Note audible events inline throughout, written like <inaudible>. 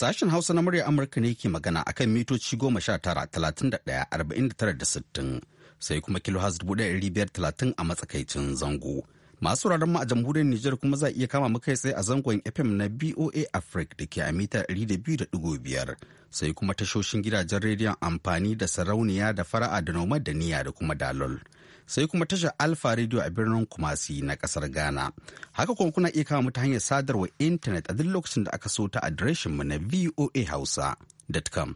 Sashen Hausa na murya Amurka ne ke magana akan mitoci goma sha tara talatin da ɗaya da tara da sittin sai kuma kilo has dubu ɗaya ɗari biyar talatin a matsakaicin zango. Masu wuraren mu a jamhuriyar Nijar kuma za a iya kama muka kai tsaye a zangon FM na BOA Africa da ke a mita ɗari da biyu da ɗigo biyar sai kuma tashoshin gidajen rediyon amfani da sarauniya da fara'a da noma da niya da kuma dalol. sai kuma tashar Alfa Radio a birnin Kumasi na kasar Ghana. Haka kuma kuna iya kama mu ta hanyar sadarwa intanet a duk lokacin da aka so ta adireshin mu na hausa.com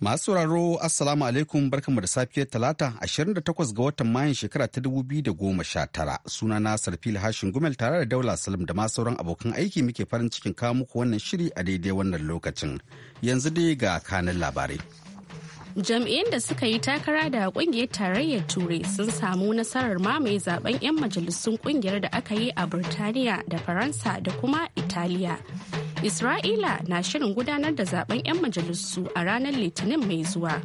Masu sauraro Assalamu alaikum barkamu da safiyar Talata 28 ga watan Mayun shekara ta 2019 suna na Sarfil Hashin Gumel tare da Daula Salim da ma sauran abokan aiki muke farin cikin kawo muku wannan shiri a daidai wannan lokacin. Yanzu dai ga kanin labarai. Jam'iyyun da suka yi takara da kungiyar tarayyar Turai sun samu nasarar mamaye zaben 'yan majalisun kungiyar da aka yi a Burtaniya da Faransa da kuma Italiya Isra'ila na shirin gudanar da zaben 'yan majalisu a ranar Litinin mai zuwa.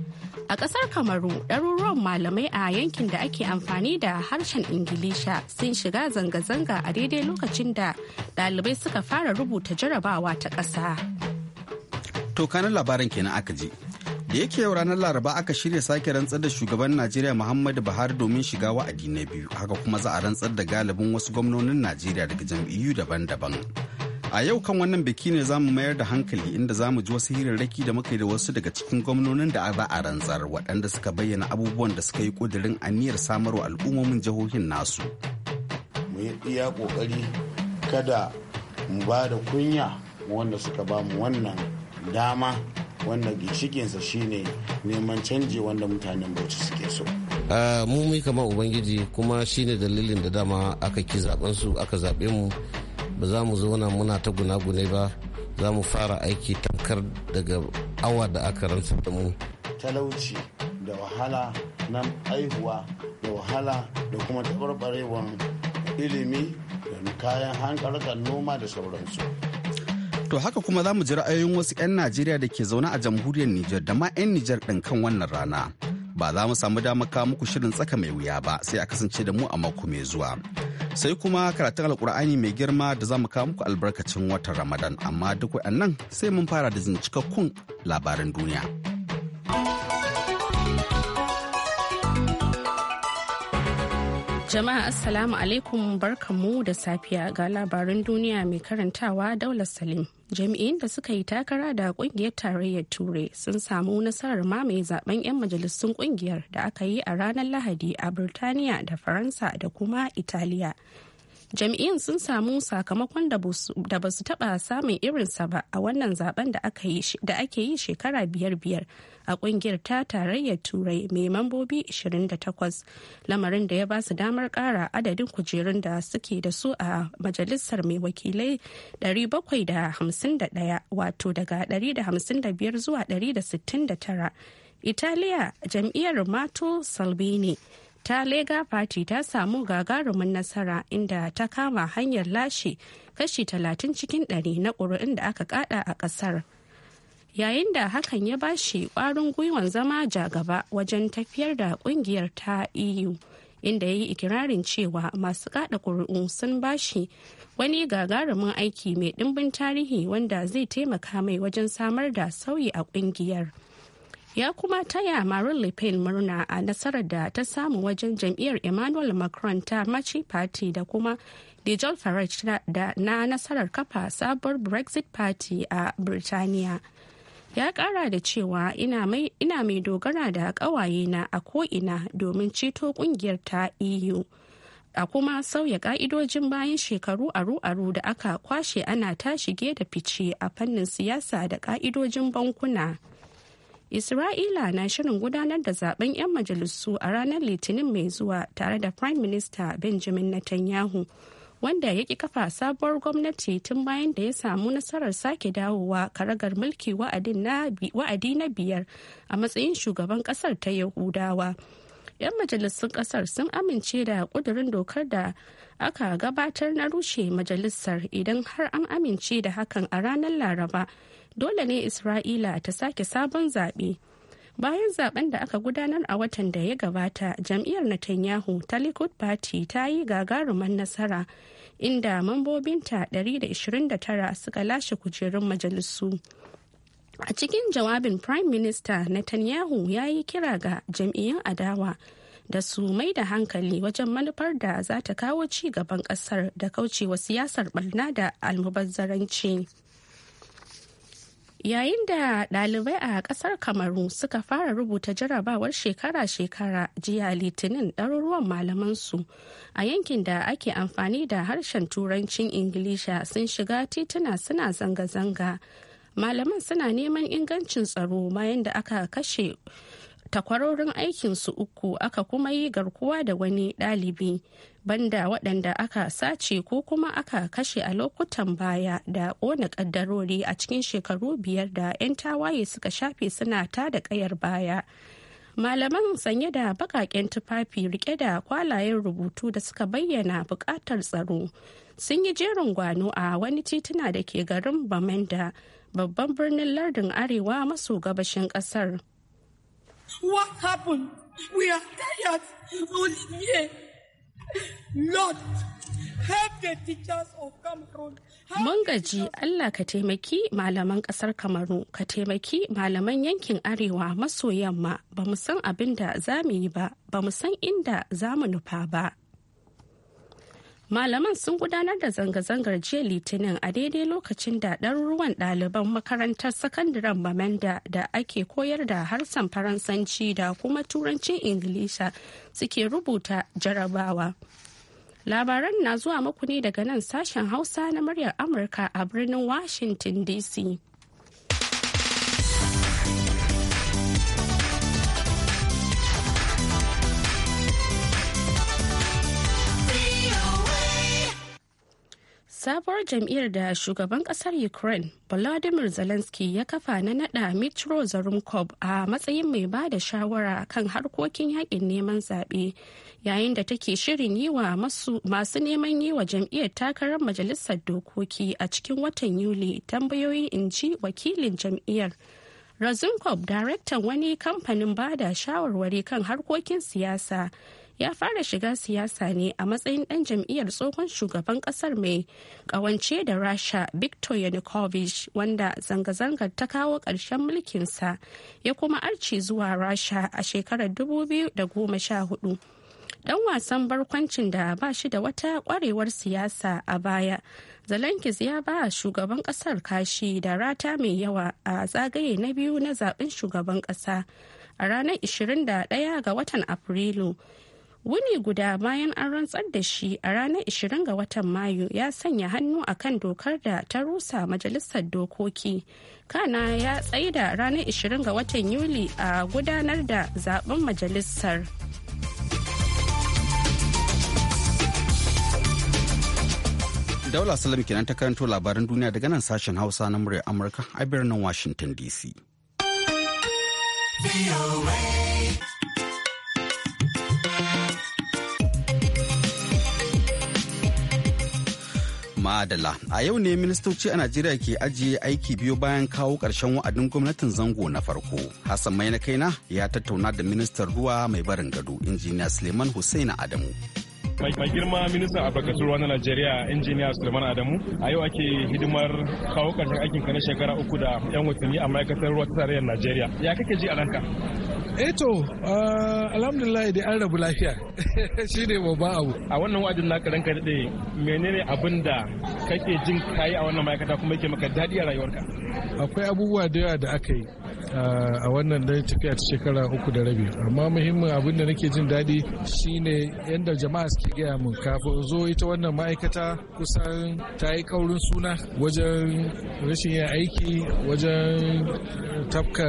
A ƙasar Kamaru, ɗaruruwan malamai a yankin da ake amfani da harshen Ingilisha sun shiga zanga-zanga a daidai lokacin da ɗalibai suka fara rubuta jarabawa ta ƙasa. To kanan labarin kenan aka je Da yake yau ranar Laraba aka shirya sake rantsar da shugaban Najeriya Muhammadu Buhari domin shiga wa'adi na biyu, haka kuma za a rantsar da galibin wasu gwamnonin Najeriya daga jam'iyyu daban-daban. A yau kan wannan biki ne za mu mayar da hankali inda za mu ji wasu hirarraki da muka yi da wasu daga cikin gwamnonin da za a rantsar waɗanda suka bayyana abubuwan da suka yi ƙudurin aniyar samarwa al'ummomin jihohin nasu. Mu yi iya ƙoƙari kada mu ba da kunya wanda suka ba mu wannan dama wanda ginshikinsa shine neman canji wanda mutanen bauchi suke so. mu mai kama ubangiji kuma shine dalilin da dama aka ki zaben su aka zaɓe mu ba za mu zauna muna ta gunagune ba za mu fara aiki tamkar daga awa da aka rantsar da mu talauci da wahala na aihuwa da wahala da kuma taɓarɓarewar ilimi da kayan hankalkar noma da sauransu to haka kuma za mu ji ra'ayoyin wasu 'yan najeriya da ke zauna a jamhuriyar nijar da ma 'yan nijar ɗin kan wannan rana ba za mu samu damar kawo muku shirin tsaka mai wuya ba sai a kasance da mu a mako mai zuwa sai kuma karatun alkur'ani mai girma da za mu kawo muku albarkacin watan ramadan amma duk waɗannan sai mun fara da cikakkun labaran duniya jama'a assalamu alaikum barkamu da safiya ga labarin duniya mai karantawa daular salim jami'in da suka yi takara da kungiyar tarayyar turai sun samu nasarar mamaye zaben 'yan majalisun kungiyar da aka yi a ranar lahadi a birtaniya da faransa da kuma italiya jami'in sun samu sakamakon da ba su taba samun irinsa ba a wannan zaben da ake yi shekara biyar biyar a kungiyar ta tarayyar turai mai mambobi 28 lamarin da ya ba su damar kara adadin kujerun da suke da su a majalisar mai wakilai 751 wato daga 155 zuwa 169 italiya jam'iyyar mato salvini ta lega party ta samu gagarumin nasara inda ta kama hanyar lashe kashi 30 cikin 100 na ƙuri'un da aka kada a ƙasar yayin da hakan ya ba shi kwarin gwiwan zama jagaba wajen tafiyar da kungiyar ta eu inda ya yi ikirarin cewa masu kada kuri'u sun ba shi wani gagarumin aiki mai dimbin tarihi wanda zai taimaka mai wajen samar da sauyi a kungiyar ya kuma taya marin le murna a nasarar da ta samu wajen jam'iyyar emmanuel macron ta maci party da kuma Dijon farage na nasarar kafa sabuwar brexit party a birtaniya ya kara da cewa ina mai dogara da kawaye na a ko'ina domin ceto kungiyar ta eu a kuma sauya ka'idojin bayan shekaru aru-aru da aka kwashe ana ta shige da fice a fannin siyasa da ka'idojin bankuna isra'ila na shirin gudanar da zaben 'yan majalisu a ranar litinin mai zuwa tare da prime minister benjamin netanyahu wanda ya ki kafa sabuwar gwamnati tun bayan da ya samu nasarar sake dawowa karagar mulki wa'adi na biyar a matsayin shugaban kasar ta yahudawa 'yan majalisun kasar sun amince da kudurin dokar da aka gabatar na rushe majalisar idan har an amince da hakan a ranar laraba dole ne isra'ila ta sake sabon zaɓe. bayan zaben da aka gudanar a watan da ya gabata jam'iyyar netanyahu ta likud party ta yi gagarumar nasara inda mambobinta 129 suka lashe kujerun majalisu a cikin jawabin prime minister netanyahu ya yi kira ga jam'iyyun adawa da su mai da hankali wajen manufar da za ta kawo ci gaban kasar da kaucewa siyasar barna da almubazzaranci. yayin da ɗalibai a ƙasar kamaru suka fara rubuta jarabawar shekara-shekara jiya litinin ɗaruruwan malamansu a yankin da ake amfani da harshen turancin ingilisha sun shiga tituna suna zanga-zanga malaman suna neman ingancin tsaro bayan da aka kashe takwarorin aikinsu uku aka kuma yi garkuwa da wani ɗalibi banda waɗanda aka sace ko kuma aka kashe a lokutan baya da ƙona ƙaddarori a cikin shekaru biyar da 'yan tawaye suka shafe suna ta da ƙayar baya malaman sanye da baƙaƙen tufafi rike da kwalayen rubutu da suka bayyana buƙatar tsaro sun yi jerin gwano a wani tituna da ke garin bamenda babban birnin lardin arewa maso gabashin ƙasar What happened? We are tired. Olivier, Lord, Mun gaji Allah ka taimaki malaman kasar Kamaru, ka taimaki malaman yankin Arewa maso yamma, ba mu san abin da za mu yi ba, ba mu san inda za mu nufa ba. malaman sun gudanar da zanga-zangar jiya litinin a daidai lokacin da ɗan ruwan ɗaliban makarantar sakandaren mamanda da ake koyar da harsan faransanci da kuma turancin ingilisha suke rubuta jarabawa labaran na zuwa muku ne daga nan sashen hausa na muryar amurka a birnin washington dc sabuwar jam'iyyar da shugaban kasar ukraine volodymyr zelensky ya kafa na nada mitro zarumkov a matsayin mai ba da shawara kan harkokin yakin neman zaɓe yayin da take shirin yi wa masu neman yi wa jam'iyyar takarar majalisar dokoki a cikin watan yuli tambayoyin in ji wakilin jam'iyyar razumkov daraktan wani kamfanin bada shawarwari kan harkokin siyasa ya fara shiga siyasa ne a matsayin ɗan jam'iyyar tsohon shugaban ƙasar mai ƙawance da rasha victor yanukovych wanda zanga-zangar ta kawo ƙarshen mulkinsa ya kuma arce zuwa rasha a shekarar 2014 dan wasan barkwancin da ba shi da wata kwarewar siyasa a baya zalankis ya ba shugaban kasar kashi da rata mai yawa a zagaye na biyu na zaben shugaban kasa a ranar 21 ga watan afrilu wuni guda bayan an rantsar da shi a ranar 20 ga watan mayu ya sanya hannu a kan dokar da ta rusa majalisar dokoki kana ya tsaida ranar 20 ga watan yuli a gudanar da zaben majalisar daula salam kenan ta karanto labaran duniya daga nan sashen hausa na murya amurka a birnin washington dc Madala. A yau ne ministoci a Najeriya ke ajiye aiki biyu bayan kawo ƙarshen wa'adin gwamnatin zango na farko. Hassan Mai na kaina ya tattauna da ministan ruwa mai barin gado, injiniya Suleiman Hussein Adamu. mai girma ministan albarkatun ruwa na najeriya injiniya suleiman adamu a yau ake hidimar kawo karshen aikin ka na shekara uku da yan watanni a ma'aikatar ruwa ta tarayyar najeriya ya kake ji a ranka eto eh ah, alhamdulillah dai an rabu lafiya <laughs> shi ne babban abu a wannan wajen naka ranka daɗe menene abin da kake jin kayi a wannan ma'aikata kuma yake maka daɗi a rayuwarka akwai abubuwa da yawa da aka yi a wannan dai tafiya ta shekara uku da rabi amma muhimmin abin da nake jin daɗi shine yadda jama'a suke gaya min kafin zo ita wannan ma'aikata kusan ta yi kaurin suna wajen rashin yin aiki wajen tafka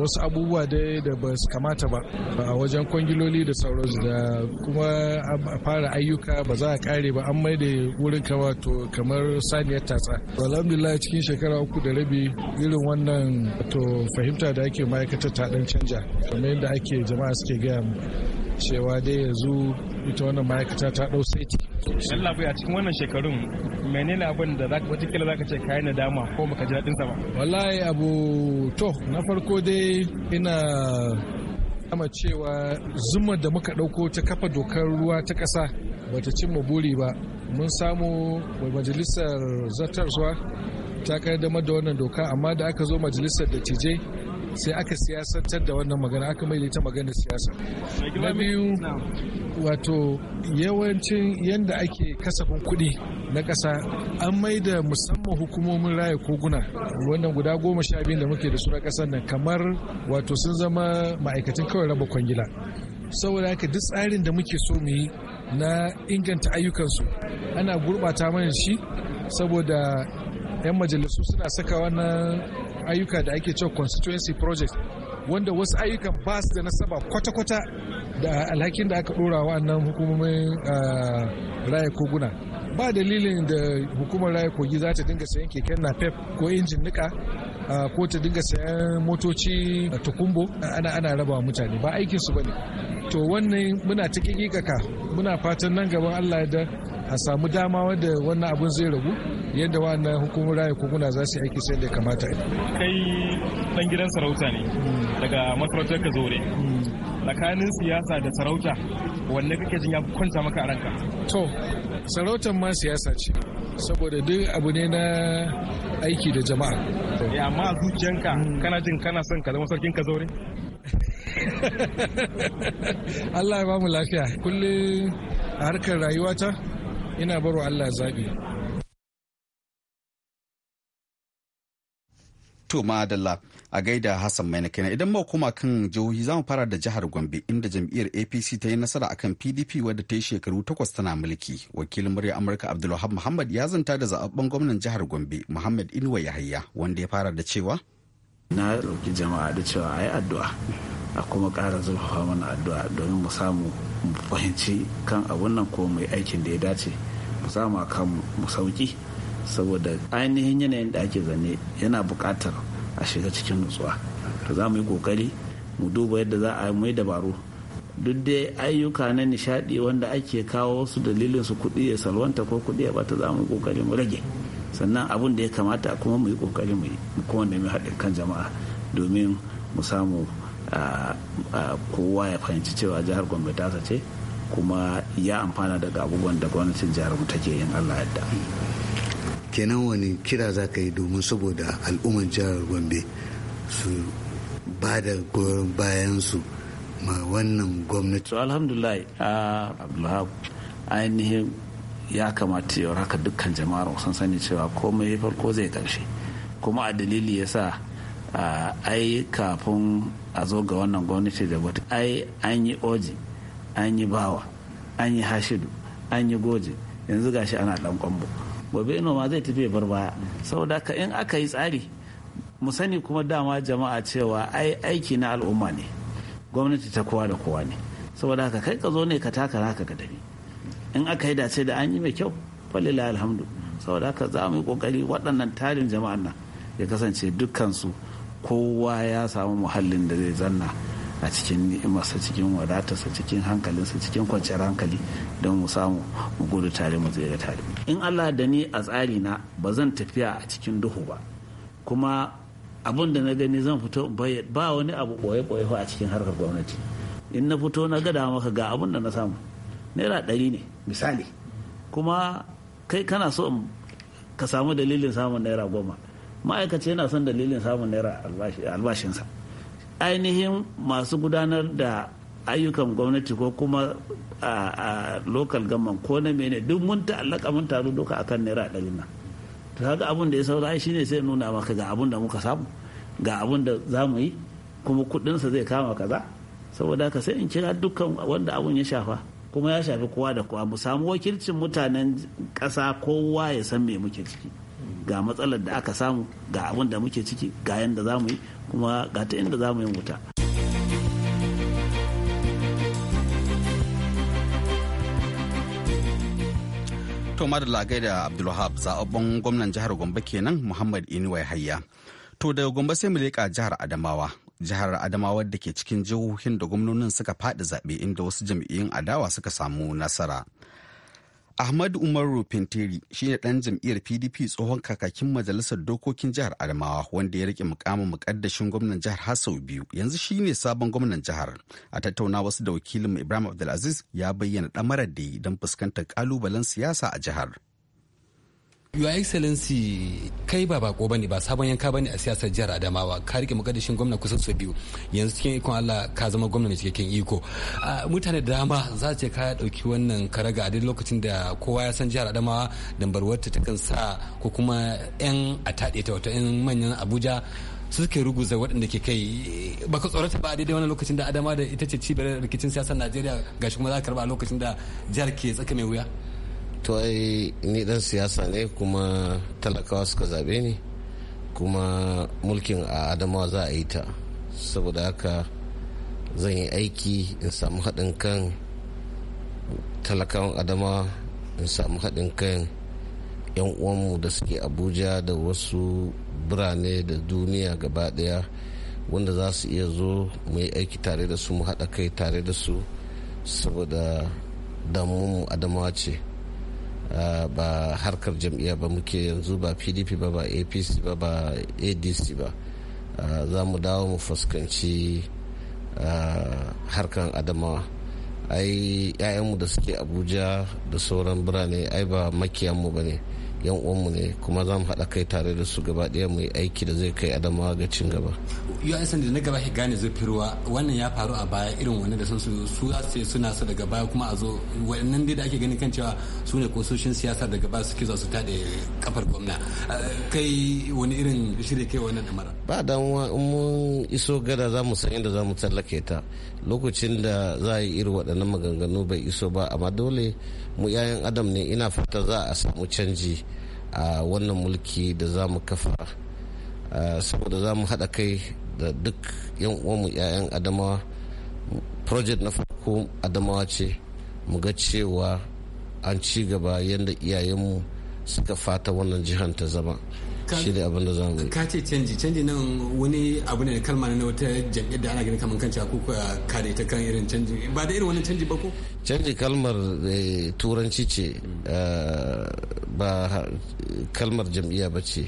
wasu abubuwa dai da ba su kamata ba a wajen kwangiloli da sauransu da kuma a fara ayyuka ba za a kare ba an mai da wurin kama to kamar saniyar tatsa alhamdulillah cikin shekara uku da rabi irin wannan to fahimta fahimta da ake ma'aikatar ta dan canja kamar yadda ake jama'a suke gaya mu cewa dai yanzu ita wannan ma'aikata ta dau saiti. Allah a cikin wannan shekarun menene abin da zaka watakila zaka ce kai da dama ko baka ji sa ba. Wallahi abu to na farko dai ina kama cewa zuma da muka ɗauko ta kafa dokar ruwa ta ƙasa bata cimma buri ba mun samu majalisar zartarsuwa ta kai da wannan doka amma da aka zo majalisar da dattijai sai aka siyasantar da wannan magana aka mai ta magana siyasa na biyu wato yawancin yadda ake kasafin kuɗi na ƙasa an mai da musamman hukumomin raya koguna wannan guda goma sha biyu da muke da su na ƙasar nan kamar wato sun zama ma'aikatan kawai raba kwangila saboda haka duk tsarin da muke so mu yi na inganta ayyukansu ana gurɓata mana shi saboda 'yan majalisu suna saka wannan ayyuka da ake cewa constituency project wanda wasu ayyukan ba su da nasaba kwata-kwata da alhakin da aka dora wa'annan hukumomin ah, raya koguna ba dalilin da hukumar raya kogi za ta dinga sayan keken na napep ko injin nika ah, ko ta dinga sayan motoci tukumbo ana ana raba mutane ba aikinsu ba ne to wannan muna ta kikikaka muna fatan nan gaban allah da a samu dama wanda wannan abun zai ragu yadda wannan hukumar raya koguna za su aiki sai da kamata kai dan gidan sarauta ne daga masarautar ka zore tsakanin siyasa da sarauta wanne kake jin ya kwanta maka a ranka to sarautar ma siyasa ce saboda duk abu ne na aiki da jama'a eh, amma a zuciyanka mm. kana jin kana son ka zama sarkin ka zaure <laughs> Allah ya ba mu lafiya kullum a harkar rayuwata ina baro Allah zaɓi. To madalla a gaida Hassan mai kenan idan mu koma kan jihohi za mu fara da jihar Gombe inda jam'iyyar APC ta yi nasara akan PDP wadda ta yi shekaru takwas tana mulki. Wakilin murya Amurka Abdulwahab Muhammad ya zanta da zaɓaɓɓen gwamnan jihar Gombe Muhammad Inuwa Yahaya wanda ya fara da cewa na roki jama'a da cewa a yi addu'a a kuma ƙara zurfafa mana addu'a domin mu samu mu fahimci kan abun nan ko mai aikin da ya dace sama kanmu mu sauki saboda ainihin yanayin da ake zane yana buƙatar a shiga cikin nutsuwa to za mu yi ƙoƙari mu duba yadda za a mai dabaru duk dai ayyuka na nishadi wanda ake kawo su dalilin su kuɗi ya salwanta ko kuɗi ya bata za mu ƙoƙari mu rage sannan abin da ya kamata kuma mu yi ƙoƙari mu kuma mu haɗin kan jama'a domin mu samu ah, ah, kowa ya fahimci cewa jihar gombe ta ce kuma ya amfana daga abubuwan da gwamnatin jihar mu take yin allah yadda kenan wani kira za ka yi domin saboda al'ummar jihar gombe su ba da goyon bayan su ma wannan gwamnati to alhamdulillah abdulhab ainihin ya kamata yau haka dukkan jama'ar sun sani cewa komai farko zai karshe kuma a dalili sa ai kafin a zo ga wannan gwamnati da wata ai an yi oji an yi bawa an yi hashidu an yi goje yanzu gashi ana dan kwambo gobe ma zai tafi bar baya saboda haka in aka yi tsari mu sani kuma dama jama'a cewa ai aiki na al'umma ne gwamnati ta kowa da kowa ne saboda haka kai ka zo ne ka taka haka ka tafi in aka yi dace da an yi mai kyau falila alhamdu saboda haka za mu yi kokari waɗannan tarin jama'an nan ya kasance dukkansu kowa ya samu muhallin da zai zanna a cikin ni'imarsa cikin wadatarsa cikin hankalinsa cikin kwanciyar hankali don mu samu mu gudu tare mu tsere tare in allah da ni a tsari na ba zan tafiya a cikin duhu ba kuma abin da na gani zan fito ba wani abu boye-boye boye a cikin harkar gwamnati in na fito na gada maka ga abin da na samu naira ɗari ne misali kuma kai kana so ka samu dalilin samun naira goma ma'aikaci yana son dalilin samun naira albashinsa ainihin masu gudanar da ayyukan gwamnati ko kuma a local government ko na mene duk mun ta'allaka mun taru duka akan naira ɗari nan to kaga abin da ya saura shine sai nuna maka ga abin da muka samu ga abin da za mu yi kuma kuɗinsa zai kama kaza saboda haka sai in kira dukkan wanda abun ya shafa kuma ya shafi kowa da kowa mu samu wakilcin mutanen ƙasa kowa ya san me muke ciki ga matsalar da aka samu ga abin da muke ciki ga yadda za mu yi kuma ga ta inda za mu yi wuta. To madalla da Abdulwahab zaɓaɓɓen gwamnan jihar Gombe kenan Muhammad Inuwai Hayya. To daga Gombe sai mu leƙa jihar Adamawa. Jihar Adamawa da ke cikin jihohin da gwamnonin suka faɗi zaɓe inda wasu jam'iyyun adawa suka samu nasara. Ahmad Umaru Fintiri shi ne ɗan jam'iyyar PDP tsohon kakakin majalisar dokokin jihar Adamawa wanda ya rike mukamin mukaddashin gwamnan jihar har sau biyu yanzu shi ne sabon gwamnan jihar. A tattauna wasu da wakilin Ibrahim Abdulaziz ya bayyana ɗamarar da yi don fuskantar ƙalubalen siyasa a jihar. Your Excellency kai ba bako bane ba sabon yanka bane a siyasar jihar Adamawa ka rike mukaddashin gwamna kusan su biyu yanzu cikin ikon Allah ka zama gwamna mai cikakken iko mutane da dama za ce ka dauki wannan karaga a duk lokacin da kowa ya san jihar Adamawa dambarwarta ta kan sa ko kuma yan ataɗe ta wato yan manyan Abuja suke ruguza waɗanda ke kai baka tsorata ba a daidai wannan lokacin da Adama da ita ce cibiyar rikicin siyasar Najeriya gashi kuma za ka karba a lokacin da jihar ke tsaka mai wuya. to ai ni dan siyasa ne kuma talakawa suka zabe ni kuma mulkin a adamawa za a yi ta saboda haka zan yi aiki in samu haɗin kan talakawan adamawa in samu haɗin kan 'yan uwanmu da suke abuja da wasu birane da duniya gaba daya wanda za su iya zo mu yi aiki tare da su mu haɗa kai tare da su saboda damuwanmu adamawa ce Ah, ba harkar jam'iyya ba muke yanzu ba pdp ba ba apc ba ba adc ba ah, za mu dawo mu fuskanci ah, harkar adamawa ai 'ya'yanmu da suke abuja da sauran birane ai ba makiyanmu ba ne yan uwanmu ne kuma za mu haɗa kai tare da su gaba ɗaya mu aiki da zai kai adamawa ga cin gaba us da na gaba shi gane zafirwa wannan ya faru a baya irin wannan da sun su su suna su daga baya kuma a zo waɗannan dai da ake ganin kan cewa su ne kososhin siyasa daga baya suke za su taɗe kafar gwamna kai wani irin shirya kai wannan damara ba damuwa in mun iso gada za mu san inda za mu tallake ta lokacin da za a yi iri waɗannan maganganu bai iso ba amma dole mu 'ya'yan adam ne ina fata za a samu canji a wannan mulki da za mu kafa saboda za mu haɗa kai da duk 'yan uwanmu 'ya'yan adamawa project na farko adamawa ce mu ga cewa an ci gaba yadda iyayenmu suka fata wannan jihar ta zama shi da abin da za mu ka ce canji canji nan wani abu ne kalma na wata jam'iyyar da ana ganin kamar kan ko ka kare ta kan irin canji ba da irin wani canji ba ko canji kalmar eh, turanci ce mm. eh, ba kalmar jam'iyya ba ce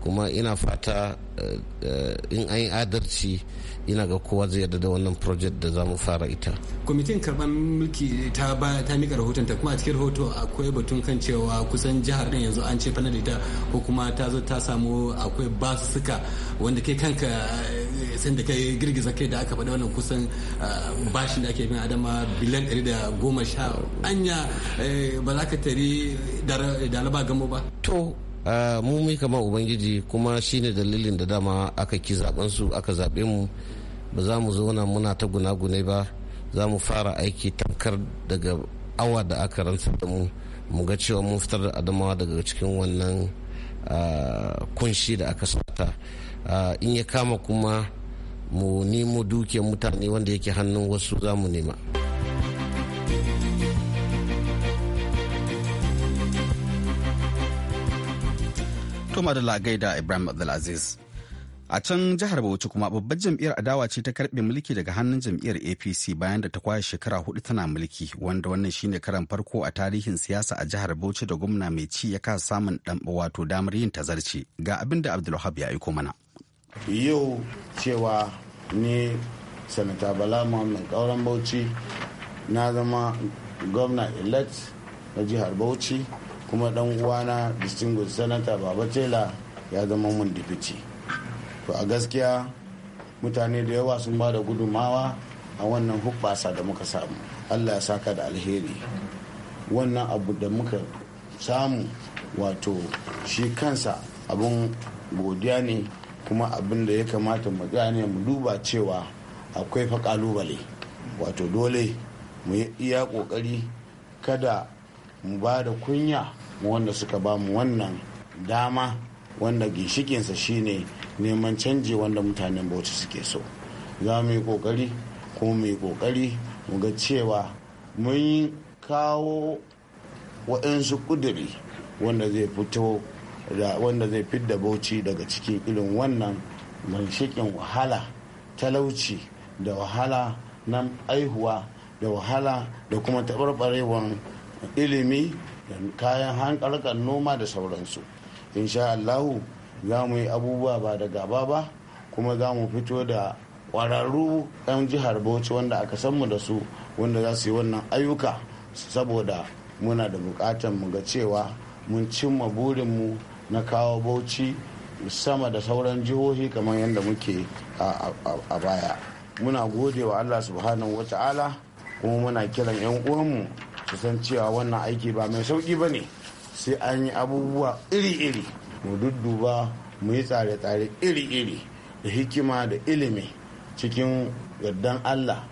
kuma ina fata eh, in an yi adarci ina ga kowa zai yarda da wannan project da zamu fara ita kwamitin karban mulki ta ba ta mika rahoton ta kuma a cikin rahoto akwai batun kan cewa kusan jihar din yanzu an ce fana da ita ko kuma ta zo ta samu akwai basussuka wanda kai kanka sai da kai girgiza kai da aka faɗa wannan kusan ah, bashin da ake bin adama biliyan ɗari da goma sha anya eh, ba za ka tari da dalaba gamo ba to ah, mu mai kama ubangiji kuma shine dalilin da dama aka ki zaben su aka zaɓe mu ba za mu zauna muna ta gunagune ba za mu fara aiki tamkar daga awa da aka rantsar da mu mu ga cewa mun fitar da adamawa daga cikin wannan kunshi da aka sata in ya kama kuma mu nemo dukiyar mutane wanda yake hannun wasu za mu nema Tuma da gaida Ibrahim Abdulaziz. a can jihar bauchi kuma babbar jam'iyyar adawa ce ta karbe mulki daga hannun jam'iyyar apc bayan da ta kwashe shekara hudu tana mulki wanda wannan shine karan farko a tarihin siyasa a jihar bauchi da gwamna mai ci ya kasa samun wato damar yin tazarci ga abin da abdulwahab ya aiko mana yau cewa ne sanata bala muhammad kauran bauchi na zama gwamna elect na jihar bauchi kuma dan uwana distinguished senator babatela ya zama mun dipici to a gaskiya mutane da yawa sun ba da gudummawa a wannan hubbasa da muka samu allah ya saka da alheri wannan abu da muka samu wato shi kansa abin godiya ne kuma abin da ya kamata mu gane mu duba cewa akwai fa kalubale wato dole mu yi iya kokari kada mu ba da kunya wanda suka ba mu wannan dama wanda ginshikinsa shine neman canji wanda mutanen bauchi suke so za mu yi kokari ko mu yi kokari mu ga cewa mun kawo waɗansu ƙuduri wanda zai fito wanda zai fidda bauchi daga cikin irin wannan manshikin wahala talauci da wahala na aihuwa da wahala da kuma taɓarɓarewar ilimi da kayan hankalkan noma da sauransu insha allahu za mu yi abubuwa ba da gaba ba kuma za mu fito da ƙwararru 'yan jihar bauchi wanda aka san mu da su wanda za su yi wannan ayyuka saboda muna da buƙatar mu ga cewa mun cimma burinmu na kawo bauchi sama da sauran jihohi kamar yadda muke a baya muna gode wa allah subhanahu wa ta'ala kuma muna kiran 'yan uwanmu su san cewa wannan aiki ba mai sauki ba ne sai an yi abubuwa iri-iri mu dudduba mu yi tsare-tsare iri-iri da hikima da ilimi cikin yardan allah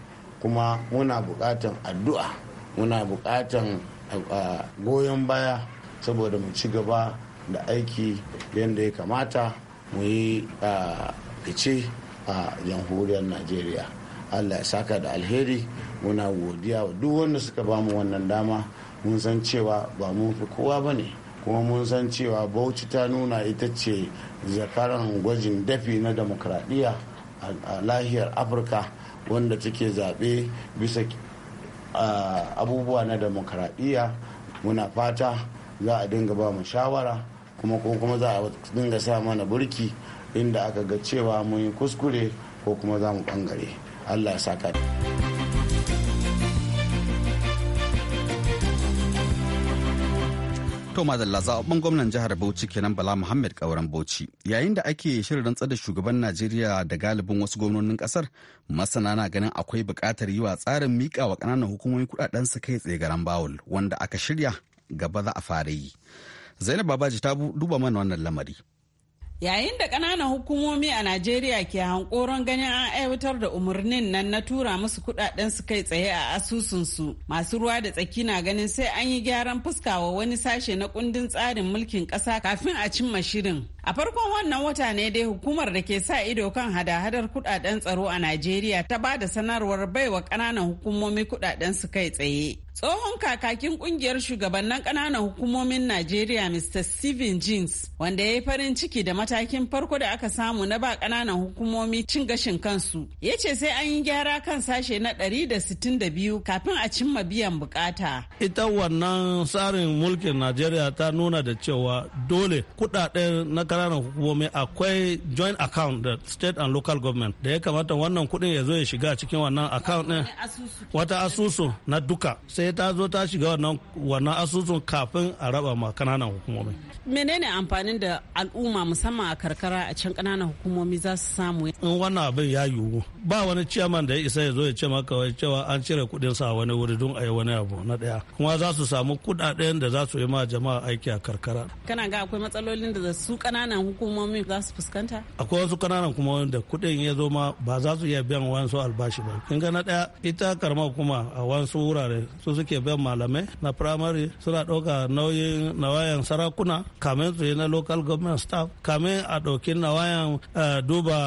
kuma muna buƙatan addu'a muna buƙatan goyon baya saboda mu ci gaba da aiki yadda ya kamata mu yi fice a jamhuriyar najeriya allah ya saka da alheri muna godiya wa duk wanda suka bamu wannan dama mun san cewa ba mun fi kowa ba ne kuma mun san cewa bauchi ta nuna ita ce zakaran gwajin dafi na demokradiyya a lahiyar afirka wanda take zaɓe bisa abubuwa na demokradiyya muna fata za a dinga ba mu shawara kuma kuma za a dinga sa mana burki inda aka ga cewa mun yi kuskure ko kuma za mu bangare allah ya saka To madalla zaɓen gwamnan jihar Bauchi kenan Bala Muhammad Kauran Bauchi. Yayin da ake shirin rantsar da shugaban Najeriya da galibin wasu gwamnonin ƙasar, masana na ganin akwai buƙatar yi wa tsarin miƙa wa ƙananan hukumomi kuɗaɗen su kai tsaye garan bawul wanda aka shirya gaba za a fara yi. Zainab Babaji ta duba mana wannan lamari. Yayin da ƙananan hukumomi a Najeriya ke hankoron ganin an aiwatar da umarnin nan na tura musu kudaden su kai tsaye a asusunsu, masu ruwa da tsaki na ganin sai an yi gyaran fuska wa wani sashe na kundin tsarin mulkin ƙasa kafin a cimma shirin. A farkon wannan wata ne dai hukumar da ke sa ido kan hada-hadar kudaden tsaro a Najeriya ta ba da sanarwar baiwa ƙananan hukumomi kudaden su kai tsaye. Tsohon kakakin kungiyar shugabannin ƙananan hukumomin Najeriya Mr. Steven Jeans wanda ya yi farin ciki da matakin farko da aka samu na ba ƙananan hukumomi cin gashin kansu. Ya ce sai an yi gyara kan sashe na da biyu kafin a cimma biyan bukata. Ita wannan tsarin mulkin Najeriya ta nuna da cewa dole kudaden na kananan hukumomi akwai joint account da state and local government da ya kamata wannan kuɗin ya zo ya shiga cikin wannan account ɗin wata asusu na duka sai ta zo ta shiga wannan asusun kafin a raba ma kananan hukumomi menene amfanin da al'umma musamman a karkara a can kananan hukumomi za su samu in wannan abin ya yiwu ba wani chairman da ya isa ya zo ya ce maka cewa an cire kuɗin sa wani wuri don a yi wani abu na daya kuma za su samu kuɗaɗen da za su yi ma jama'a aiki a karkara kana ga akwai matsalolin da su kananan kananan hukumomi za su fuskanta akwai wasu kananan kuma wanda kuɗin ya zo ma ba za su iya biyan wasu albashi ba kin ga na ɗaya ita karama kuma a wasu wurare su suke biyan malamai na primary suna ɗauka nauyin nawayan sarakuna kamin su na local government staff kamin a ɗauki nawayan eh, duba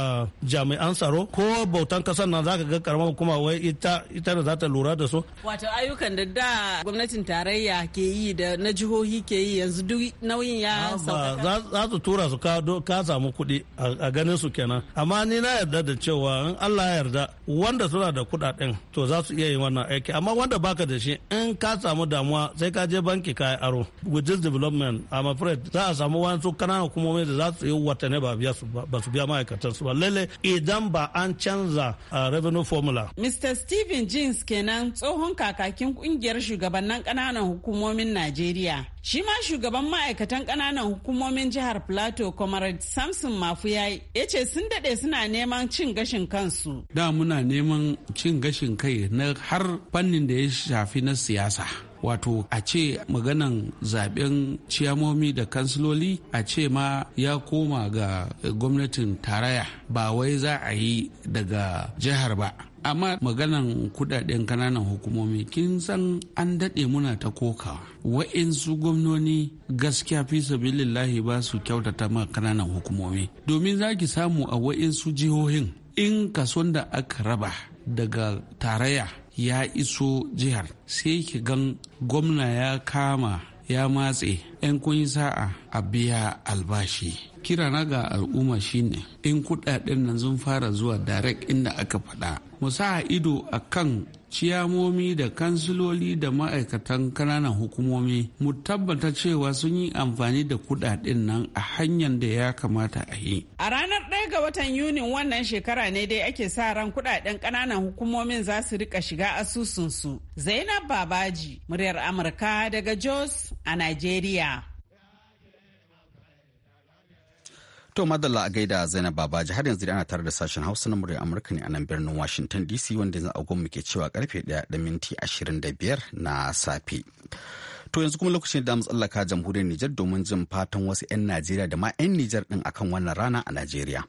jami'an tsaro ko bautan kasar nan zaka ga karma hukuma wai ita ita da za ta lura da su wato ayyukan da da gwamnatin tarayya ke yi da na jihohi ke yi yanzu duk nauyin ya sauka za su tura yanzu ka samu kuɗi a ganin su kenan amma ni na yarda da cewa in Allah ya yarda wanda suna da kuɗaɗen to za su iya yin wannan aiki amma wanda baka da shi in ka samu damuwa sai ka je banki ka yi aro with this development I'm afraid za a samu wasu kananan hukumomi da za su yi watanni ba biya su ba su biya ma'aikatan su ba lele idan ba an canza uh, revenue formula. Mr. Steven Jeans kenan tsohon kakakin kungiyar shugabannin kananan hukumomin Najeriya. Shi ma shugaban ma'aikatan kananan hukumomin jihar Plateau plato comrade samson mafuya ya ce sun daɗe suna neman cin gashin kansu da muna neman cin gashin kai na har fannin da ya shafi na siyasa wato a ce maganan zaben ciyamomi da kansiloli a ce ma ya koma ga gwamnatin taraya ba wai za a yi daga jihar ba amma maganan kudaden kananan hukumomi kin san an daɗe muna ta koka wa'insu gwamnoni gaskiya fi sabilillahi ba su kyautata ma kananan hukumomi domin za ki samu a wa'insu jihohin in kason da aka raba daga tarayya ya iso jihar sai ki gan gwamna ya kama ya matse yan kun sa'a a biya albashi kira na ga al'umma shine in kuɗaɗen nan sun fara zuwa direct inda aka faɗa mu sa ido a kan ciyamomi da kansiloli da ma'aikatan kananan hukumomi mu tabbata cewa sun yi amfani da kudaden nan a hanyar da ya kamata a yi. A ranar ɗaya ga watan Yunin wannan shekara ne dai ake sa ran kudaden kananan hukumomin za su rika shiga asusunsu. Zainab Babaji, muryar Amurka daga Jos a Najeriya. To madalla a gaida Zainab Babaji har yanzu ana tare da sashen Hausa na murya Amurka ne a nan birnin Washington DC wanda yanzu agon ke cewa karfe 1 da minti 25 na safe. To yanzu kuma lokacin da mu tsallaka jamhuriyar Nijar domin jin fatan wasu 'yan Najeriya da ma 'yan Nijar din akan wannan rana a Najeriya.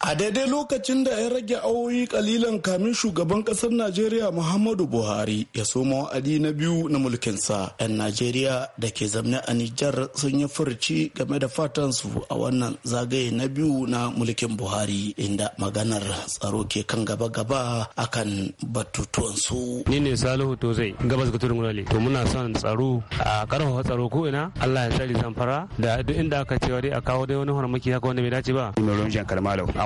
A daidai lokacin da ya rage awoyi kalilan kamin shugaban kasar Najeriya Muhammadu Buhari ya soma wa'adi na biyu na mulkinsa, 'yan Najeriya da ke zamne a Nijar sun yi furci game da fatansu a wannan zagaye na biyu na mulkin Buhari inda maganar tsaro ke kan gaba-gaba akan batutuwansu. Ni ne Salihu zai gabas ga turin wulale. To muna son tsaro a karfafa tsaro ko ina Allah ya tsari zamfara da duk inda aka cewa dai a kawo dai wani hormaki haka wanda bai dace ba.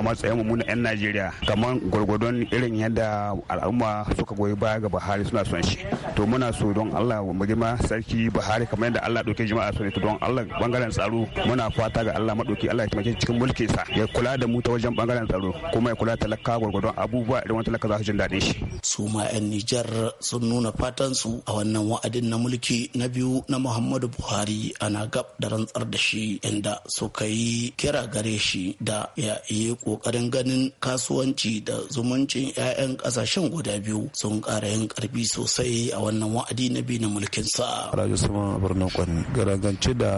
Mai matsayin mu na 'yan Najeriya kamar gwargwadon irin yadda al'umma suka goyi baya ga Buhari suna son shi to muna so don Allah mu girma sarki Buhari kamar yadda Allah dauke jima'a so to don Allah bangaren tsaro muna fata ga Allah madoki Allah ya taimake cikin mulkin sa ya kula da mu ta wajen bangaren tsaro kuma ya kula talaka gwargwadon abubuwa irin wani talaka za su jin daɗin shi su ma 'yan Nijar sun nuna fatan su a wannan wa'adin na mulki na biyu na Muhammadu Buhari ana gab da rantsar da shi inda suka yi kira gare shi da ya yi kokarin ganin kasuwanci da zumuncin 'ya'yan kasashen guda biyu sun kara yin karfi sosai a wannan wa'adi na biyu na mulkin sa. Rabi Suman birnin Kwani. Garagance da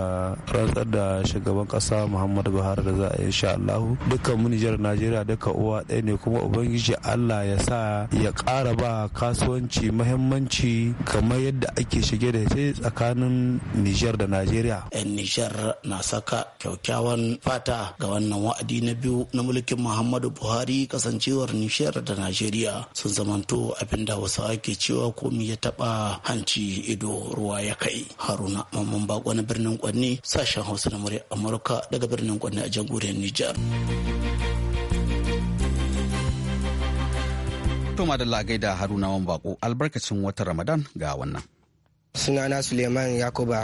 rantsar da shugaban kasa Muhammadu Buhari da za a yi insha Allahu dukkan mu Nijar Najeriya duka uwa ɗaya ne kuma Ubangiji Allah ya sa ya kara ba kasuwanci mahimmanci kamar yadda ake shige da sai tsakanin Nijar da Najeriya. 'Yan Nijar na saka kyaukyawan fata ga wannan wa'adi na biyu na mulkin mulkin muhammadu buhari kasancewar nishiyar da najeriya sun zamanto abinda wasu ake cewa komi ya taba hanci ido ruwa ya kai haruna mamman bako na birnin kwanne sashen hausa na murya amurka daga birnin kwanne a jamhuriyar nijar To da lagai da haruna Mamman bako albarkacin watan Ramadan ga wannan. سنا ناس سليمان يعقوب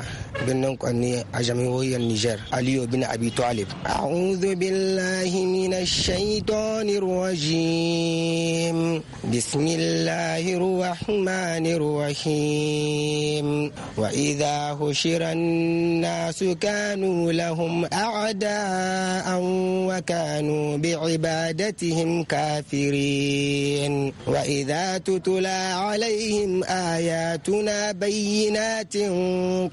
بن قني أجمعوه النيجر علي بن أبي طالب أعوذ بالله من الشيطان الرجيم بسم الله الرحمن الرحيم وإذا هشر الناس كانوا لهم أعداء وكانوا بعبادتهم كافرين وإذا تتلى عليهم آياتنا بين بينات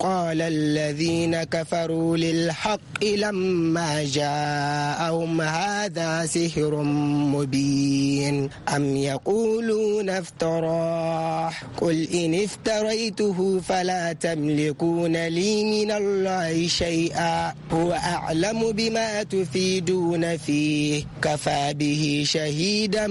قال الذين كفروا للحق لما جاءهم هذا سحر مبين أم يقولون افتراه قل إن افتريته فلا تملكون لي من الله شيئا هو أعلم بما تفيدون فيه كفى به شهيدا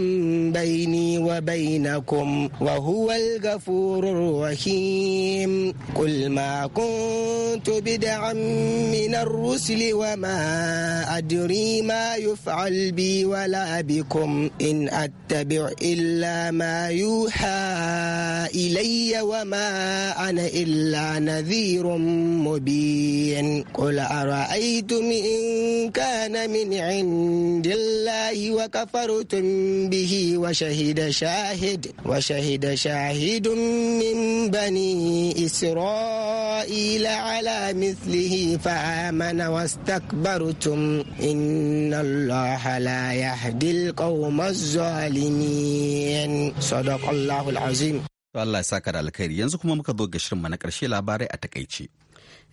بيني وبينكم وهو الغفور الرحيم عليهم قل ما كنت بدعا من الرسل وما أدري ما يفعل بي ولا بكم إن أتبع إلا ما يوحى إلي وما أنا إلا نذير مبين قل أرأيتم إن كان من عند الله وكفرتم به وشهد شاهد وشهد شاهد من بني Isra'ila ala mislihi fa amana wa stakbarutum inna Allah la ya hadil kawo zalimin sadaqallahu al'azim. Allah ya saka da yanzu kuma muka zo ga shirin mana karshe labarai a takaice.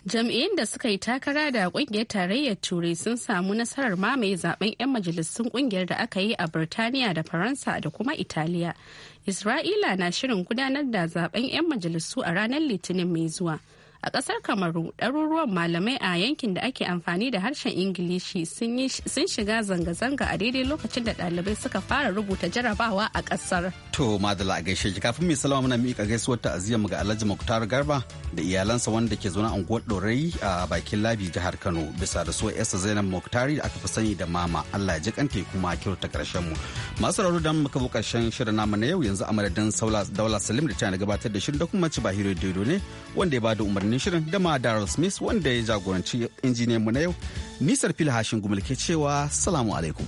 jam'iyyun da suka yi takara da kungiyar tarayyar turai sun samu nasarar mamaye zaben 'yan majalisun kungiyar da aka yi a birtaniya da faransa da kuma italiya isra'ila na shirin gudanar da zaben 'yan majalisu a ranar litinin mai zuwa a kasar kamaru ɗaruruwan malamai a yankin da ake amfani da harshen ingilishi sun shiga zanga-zanga a daidai lokacin da ɗalibai suka fara rubuta jarabawa a kasar to madala a gaishe kafin mai salama muna miƙa gaisuwar ta'aziyya mu ga alhaji muktar garba da iyalansa wanda ke zaune a unguwar dorai a bakin labi jihar kano bisa da so yasa zainab muktari da aka fi sani da mama allah ji kanta kuma ta karshen mu masu rauru dan muka bu karshen shirin namu na yau yanzu a madadin daula salim da ta gabatar da shirin da kuma ci daidai ne wanda ya bada umarni umarnin shirin da ma Daryl Smith wanda ya jagoranci injiniyan mu na yau. Nisar fil hashin gumal ke cewa salamu alaikum.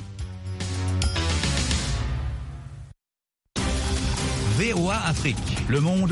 VOA Afrique, le monde